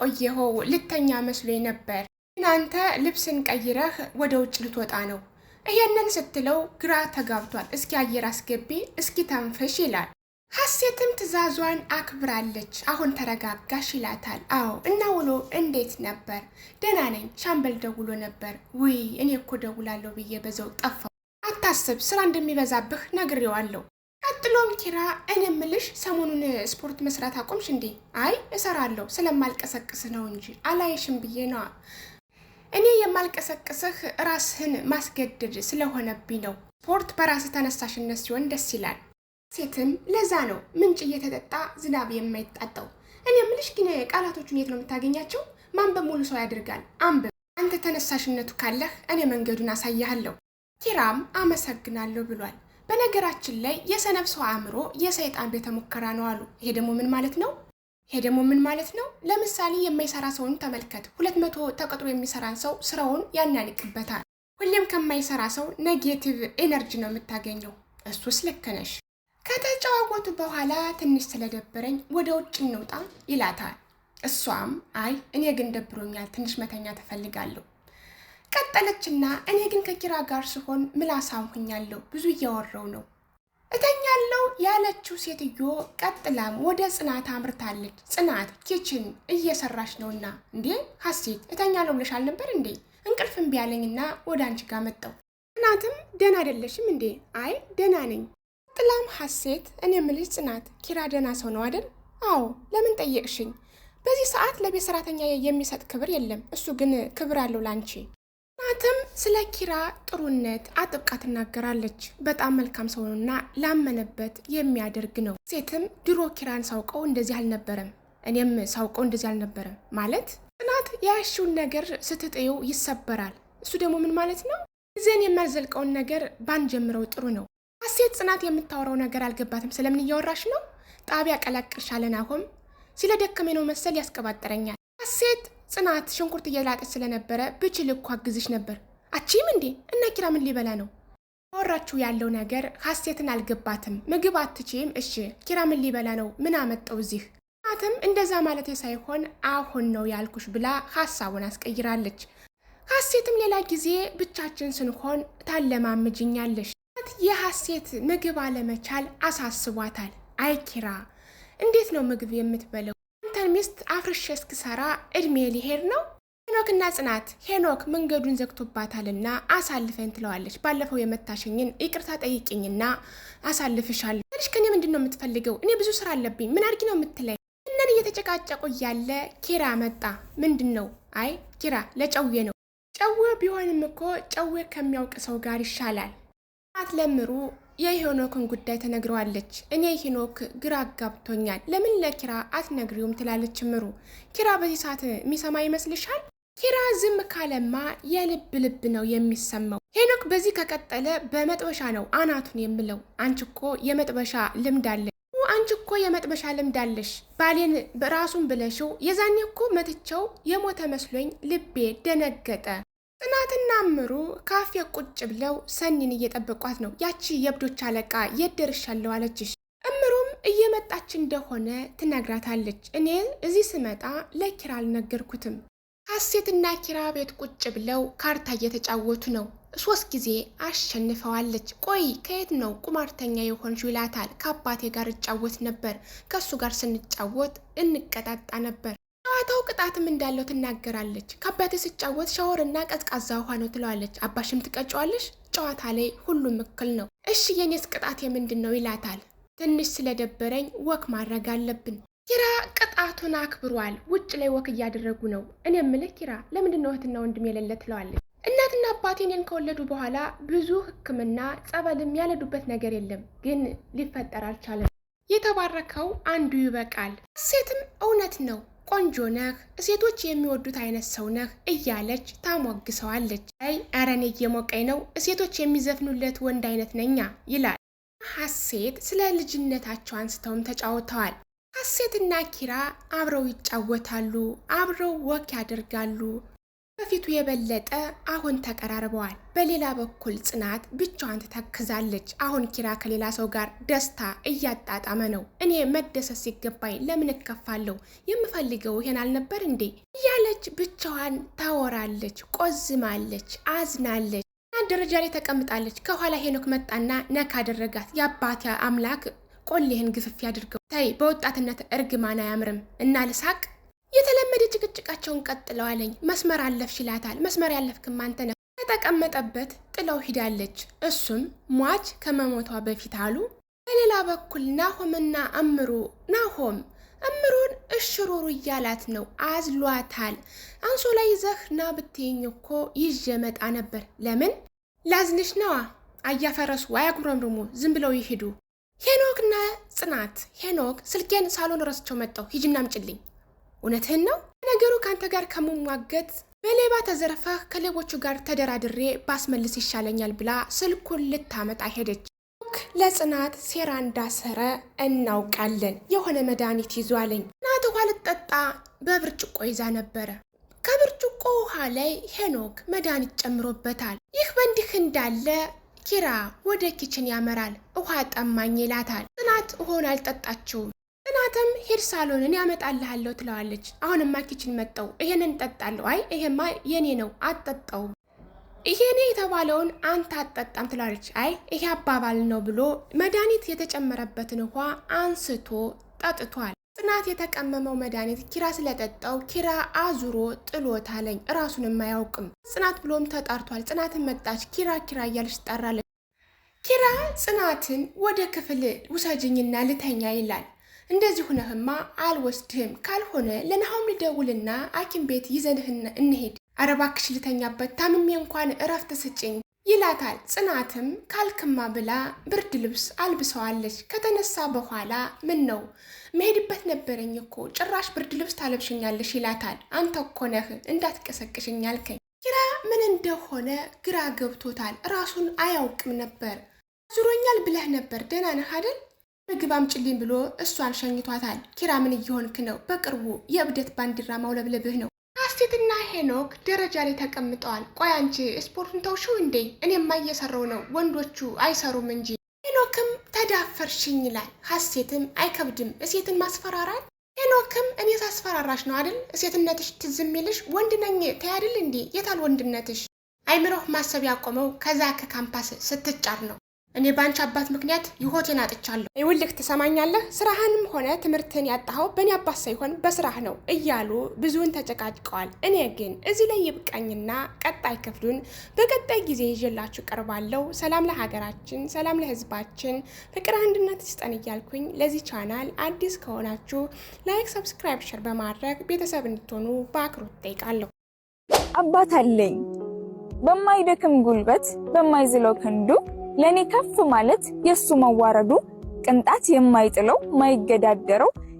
ቆየኸው ልተኛ መስሎኝ ነበር። እናንተ ልብስን ቀይረህ ወደ ውጭ ልትወጣ ነው። ይህንን ስትለው ግራ ተጋብቷል። እስኪ አየር አስገቢ፣ እስኪ ተንፍሽ ይላል። ሀሴትም ትዕዛዟን አክብራለች። አሁን ተረጋጋሽ ይላታል። አዎ እና ውሎ እንዴት ነበር? ደህና ነኝ። ሻምበል ደውሎ ነበር። ውይ እኔ እኮ ደውላለሁ ብዬ በዘው ጠፋው። አታስብ፣ ስራ እንደሚበዛብህ ነግሬዋለሁ። ቀጥሎም ኪራ እኔ እምልሽ ሰሞኑን ስፖርት መስራት አቆምሽ እንዴ? አይ እሰራለሁ ስለማልቀሰቅስ ነው እንጂ አላይሽም ብዬ ነዋ። እኔ የማልቀሰቅስህ ራስህን ማስገደድ ስለሆነብኝ ነው። ስፖርት በራስ ተነሳሽነት ሲሆን ደስ ይላል። ሴትም ለዛ ነው ምንጭ እየተጠጣ ዝናብ የማይጣጣው። እኔ ምልሽ ግን ቃላቶቹን የት ነው የምታገኛቸው? ማንበብ ሙሉ ሰው ያደርጋል። አንብብ አንተ። ተነሳሽነቱ ካለህ እኔ መንገዱን አሳያሃለሁ። ኪራም አመሰግናለሁ ብሏል። በነገራችን ላይ የሰነፍ ሰው አእምሮ የሰይጣን ቤተ ሙከራ ነው አሉ። ይሄ ደግሞ ምን ማለት ነው? ይሄ ደግሞ ምን ማለት ነው? ለምሳሌ የማይሰራ ሰውን ተመልከት። ሁለት መቶ ተቀጥሮ የሚሰራን ሰው ስራውን ያናንቅበታል። ሁሌም ከማይሰራ ሰው ኔጌቲቭ ኤነርጂ ነው የምታገኘው። እሱስ ልክ ነሽ። በኋላ ትንሽ ስለደበረኝ ወደ ውጭ እንውጣ ይላታል። እሷም አይ እኔ ግን ደብሮኛል፣ ትንሽ መተኛ ትፈልጋለሁ ቀጠለችና እኔ ግን ከኪራ ጋር ስሆን ምላሳም ሁኛለሁ፣ ብዙ እያወራው ነው እተኛለው ያለችው ሴትዮ ቀጥላም ወደ ጽናት አምርታለች። ጽናት ኪችን እየሰራች ነውና፣ እንዴ ሀሴት እተኛለው ብለሽ አልነበር እንዴ? እንቅልፍ እምቢ አለኝና ወደ አንቺ ጋር መጣው ጽናትም ደህና አይደለሽም እንዴ? አይ ደህና ነኝ። ቀጥላም ሀሴት እኔ ምልሽ ጽናት ኪራ ደህና ሰው ነው አይደል? አዎ። ለምን ጠየቅሽኝ? በዚህ ሰዓት ለቤት ሰራተኛ የሚሰጥ ክብር የለም። እሱ ግን ክብር አለው ላንቺ ሜላትም ስለ ኪራ ጥሩነት አጥብቃ ትናገራለች። በጣም መልካም ሰውና ላመነበት የሚያደርግ ነው። ሴትም ድሮ ኪራን ሳውቀው እንደዚህ አልነበረም፣ እኔም ሳውቀው እንደዚህ አልነበረም ማለት ጽናት ያያሽውን ነገር ስትጥዩ ይሰበራል። እሱ ደግሞ ምን ማለት ነው? ጊዜን የሚያዘልቀውን ነገር ባንጀምረው ጥሩ ነው። ሀሴት ጽናት የምታወራው ነገር አልገባትም። ስለምን እያወራሽ ነው? ጣቢያ ቀላቅልሻለን። አሁን ስለደከመኝ ነው መሰል ያስቀባጠረኛል። ሀሴት ጽናት ሽንኩርት እየላጠች ስለነበረ ብችል እኮ አግዝሽ ነበር። አቺም እንዴ! እና ኪራ ምን ሊበላ ነው? ያወራችሁ ያለው ነገር ሀሴትን አልገባትም። ምግብ አትችም? እሺ ኪራ ምን ሊበላ ነው? ምን አመጣው እዚህ? ጽናትም እንደዛ ማለት ሳይሆን አሁን ነው ያልኩሽ ብላ ሀሳቡን አስቀይራለች። ሀሴትም ሌላ ጊዜ ብቻችን ስንሆን ታለማምጅኛለሽ። የሀሴት ምግብ አለመቻል አሳስቧታል። አይ ኪራ እንዴት ነው ምግብ የምትበለው? ሚስት አፍርሼ እስክሰራ እድሜ ሊሄድ ነው። ሄኖክና ጽናት ሄኖክ መንገዱን ዘግቶባታልና አሳልፈኝ ትለዋለች። ባለፈው የመታሸኝን ይቅርታ ጠይቅኝና አሳልፍሻለሁ። ትንሽ ከኔ ምንድን ነው የምትፈልገው? እኔ ብዙ ስራ አለብኝ። ምን አድርጊ ነው የምትለኝ? እነን እየተጨቃጨቁ እያለ ኪራ መጣ። ምንድን ነው? አይ ኪራ ለጨዌ ነው። ጨዌ ቢሆንም እኮ ጨዌ ከሚያውቅ ሰው ጋር ይሻላል። አትለምሩ የሄኖክን ጉዳይ ተነግረዋለች። እኔ ሄኖክ ግራ አጋብቶኛል፣ ለምን ለኪራ አትነግሪውም ትላለች ምሩ። ኪራ በዚህ ሰዓት የሚሰማ ይመስልሻል? ኪራ ዝም ካለማ የልብ ልብ ነው የሚሰማው። ሄኖክ በዚህ ከቀጠለ በመጥበሻ ነው አናቱን የምለው። አንቺ እኮ የመጥበሻ ልምድ አለ አንቺ እኮ የመጥበሻ ልምድ አለሽ። ባሌን ራሱን ብለሽው የዛኔ እኮ መትቸው የሞተ መስሎኝ ልቤ ደነገጠ ጽናትና እምሩ ካፌ ቁጭ ብለው ሰኒን እየጠበቋት ነው። ያቺ የእብዶች አለቃ የት ደርሻለሁ አለችሽ? እምሩም እየመጣች እንደሆነ ትነግራታለች። እኔ እዚህ ስመጣ ለኪራ አልነገርኩትም። ሀሴትና ኪራ ቤት ቁጭ ብለው ካርታ እየተጫወቱ ነው። ሶስት ጊዜ አሸንፈዋለች። ቆይ ከየት ነው ቁማርተኛ የሆንሽው ይላታል። ከአባቴ ጋር እጫወት ነበር፣ ከእሱ ጋር ስንጫወት እንቀጣጣ ነበር ጨዋታው ቅጣትም እንዳለው ትናገራለች። ከአባቴ ስጫወት ሻወርና ቀዝቃዛ ውሃ ነው ትለዋለች። አባሽም ትቀጫዋለሽ። ጨዋታ ላይ ሁሉም እክል ነው። እሺ የኔስ ቅጣት የምንድን ነው ይላታል። ትንሽ ስለደበረኝ ወክ ማድረግ አለብን። ኪራ ቅጣቱን አክብሯል። ውጭ ላይ ወክ እያደረጉ ነው። እኔ የምልህ ኪራ ለምንድን ነው እህትና ወንድም የሌለ ትለዋለች። እናትና አባቴ እኔን ከወለዱ በኋላ ብዙ ሕክምና ጸበልም ያለዱበት ነገር የለም፣ ግን ሊፈጠር አልቻለም። የተባረከው አንዱ ይበቃል። ሴትም እውነት ነው ቆንጆ ነህ፣ እሴቶች የሚወዱት አይነት ሰው ነህ እያለች ታሞግሰዋለች። አይ ኧረ እኔ እየሞቀኝ ነው፣ እሴቶች የሚዘፍኑለት ወንድ አይነት ነኛ ይላል። ሀሴት ስለ ልጅነታቸው አንስተውም ተጫውተዋል። ሀሴትና ኪራ አብረው ይጫወታሉ፣ አብረው ወክ ያደርጋሉ፣ በፊቱ የበለጠ አሁን ተቀራርበዋል። በሌላ በኩል ጽናት ብቻዋን ትተክዛለች። አሁን ኪራ ከሌላ ሰው ጋር ደስታ እያጣጣመ ነው። እኔ መደሰት ሲገባኝ ለምን እከፋለሁ? የምፈልገው ይሄን አልነበር እንዴ? እያለች ብቻዋን ታወራለች፣ ቆዝማለች፣ አዝናለች። ደረጃ ላይ ተቀምጣለች። ከኋላ ሄኖክ መጣና ነካ አደረጋት። የአባት አምላክ ቆሌህን ግፍፍ ያድርገው። ተይ፣ በወጣትነት እርግማን አያምርም እና ልሳቅ የተለመደ ጭቅጭቃቸውን ቀጥለዋለኝ። መስመር አለፍሽ ይላታል። መስመር ያለፍክም አንተ ነህ። ከተቀመጠበት ጥለው ሂዳለች። እሱም ሟች ከመሞቷ በፊት አሉ። በሌላ በኩል ናሆምና እምሩ ናሆም እምሩን እሽሩሩ እያላት ነው። አዝሏታል። ላይ ይዘህ ና ብትይኝ እኮ ይዤ መጣ ነበር። ለምን ላዝንሽ ነዋ። አያፈረሱ አያጉረምርሙ፣ ዝም ብለው ይሄዱ። ሄኖክና ጽናት ሄኖክ ስልኬን ሳሎን ረስቸው መጣሁ፣ ሂጂና አምጪልኝ እውነትህን ነው? ነገሩ ከአንተ ጋር ከመሟገት በሌባ ተዘርፈህ ከሌቦቹ ጋር ተደራድሬ ባስመልስ ይሻለኛል ብላ ስልኩን ልታመጣ ሄደች። ሄኖክ ለጽናት ሴራ እንዳሰረ እናውቃለን። የሆነ መድኃኒት ይዟለኝ ናት ውሃ ልጠጣ በብርጭቆ ይዛ ነበረ። ከብርጭቆ ውሃ ላይ ሄኖክ መድኃኒት ጨምሮበታል። ይህ በእንዲህ እንዳለ ኪራ ወደ ኪችን ያመራል። ውሃ ጠማኝ ይላታል። ጽናት ውሃውን አልጠጣችውም። ጽናትም ሄድ ሳሎን እኔ አመጣልሃለሁ ትለዋለች። አሁንማ ኪችን መጠው ይሄንን እጠጣለሁ። አይ ይሄማ የኔ ነው አጠጣውም ይሄኔ የተባለውን አንተ አጠጣም ትላለች። አይ ይሄ አባባል ነው ብሎ መድኃኒት የተጨመረበትን ውሃ አንስቶ ጠጥቷል። ጽናት የተቀመመው መድኃኒት ኪራ ስለጠጣው ኪራ አዙሮ አለኝ። እራሱንም አያውቅም። ጽናት ብሎም ተጣርቷል። ጽናትን መጣች። ኪራ ኪራ እያለች ትጠራለች። ኪራ ጽናትን ወደ ክፍል ውሰጅኝና ልተኛ ይላል። እንደዚህ ሁነህማ አልወስድህም። ካልሆነ ለናሆም ልደውልና አኪም ቤት ይዘንህ እንሄድ። ኧረ እባክሽ ልተኛበት ታምሜ እንኳን እረፍት ስጭኝ ይላታል። ጽናትም ካልክማ ብላ ብርድ ልብስ አልብሰዋለች። ከተነሳ በኋላ ምን ነው መሄድበት ነበረኝ እኮ ጭራሽ ብርድ ልብስ ታለብሽኛለሽ ይላታል። አንተ እኮ ነህ እንዳትቀሰቅሽኝ አልከኝ። ኪራ ምን እንደሆነ ግራ ገብቶታል። ራሱን አያውቅም ነበር። ዙሮኛል ብለህ ነበር ደህና ነህ አይደል? ምግብ አምጪልኝ ብሎ እሷን ሸኝቷታል። ኪራ ምን እየሆንክ ነው? በቅርቡ የእብደት ባንዲራ ማውለብለብህ ነው። ሀሴትና ሄኖክ ደረጃ ላይ ተቀምጠዋል። ቆይ አንቺ ስፖርቱን ተውሽው እንዴ? እኔማ እየሰራው ነው፣ ወንዶቹ አይሰሩም እንጂ። ሄኖክም ተዳፈርሽኝ ይላል። ሀሴትም አይከብድም እሴትን ማስፈራራት። ሄኖክም እኔ ሳስፈራራሽ ነው አይደል እሴትነትሽ ትዝ የሚልሽ? ወንድ ነኝ ተያድል እንዴ? የታል ወንድነትሽ? አይምሮህ ማሰብ ያቆመው ከዛ ከካምፓስ ስትጫር ነው። እኔ በአንቺ አባት ምክንያት ይሆቴን አጥቻለሁ። ይውልክ ትሰማኛለህ? ስራህንም ሆነ ትምህርትን ያጣኸው በእኔ አባት ሳይሆን በስራህ ነው እያሉ ብዙውን ተጨቃጭቀዋል። እኔ ግን እዚህ ላይ ይብቃኝና ቀጣይ ክፍሉን በቀጣይ ጊዜ ይዤላችሁ ቀርባለሁ። ሰላም ለሀገራችን፣ ሰላም ለህዝባችን፣ ፍቅር አንድነት ይስጠን እያልኩኝ ለዚህ ቻናል አዲስ ከሆናችሁ ላይክ፣ ሰብስክራይብ፣ ሸር በማድረግ ቤተሰብ እንድትሆኑ በአክብሮት ጠይቃለሁ። አባት አለኝ በማይደክም ጉልበት በማይዝለው ክንዱ ለእኔ ከፍ ማለት የእሱ መዋረዱ ቅንጣት የማይጥለው ማይገዳደረው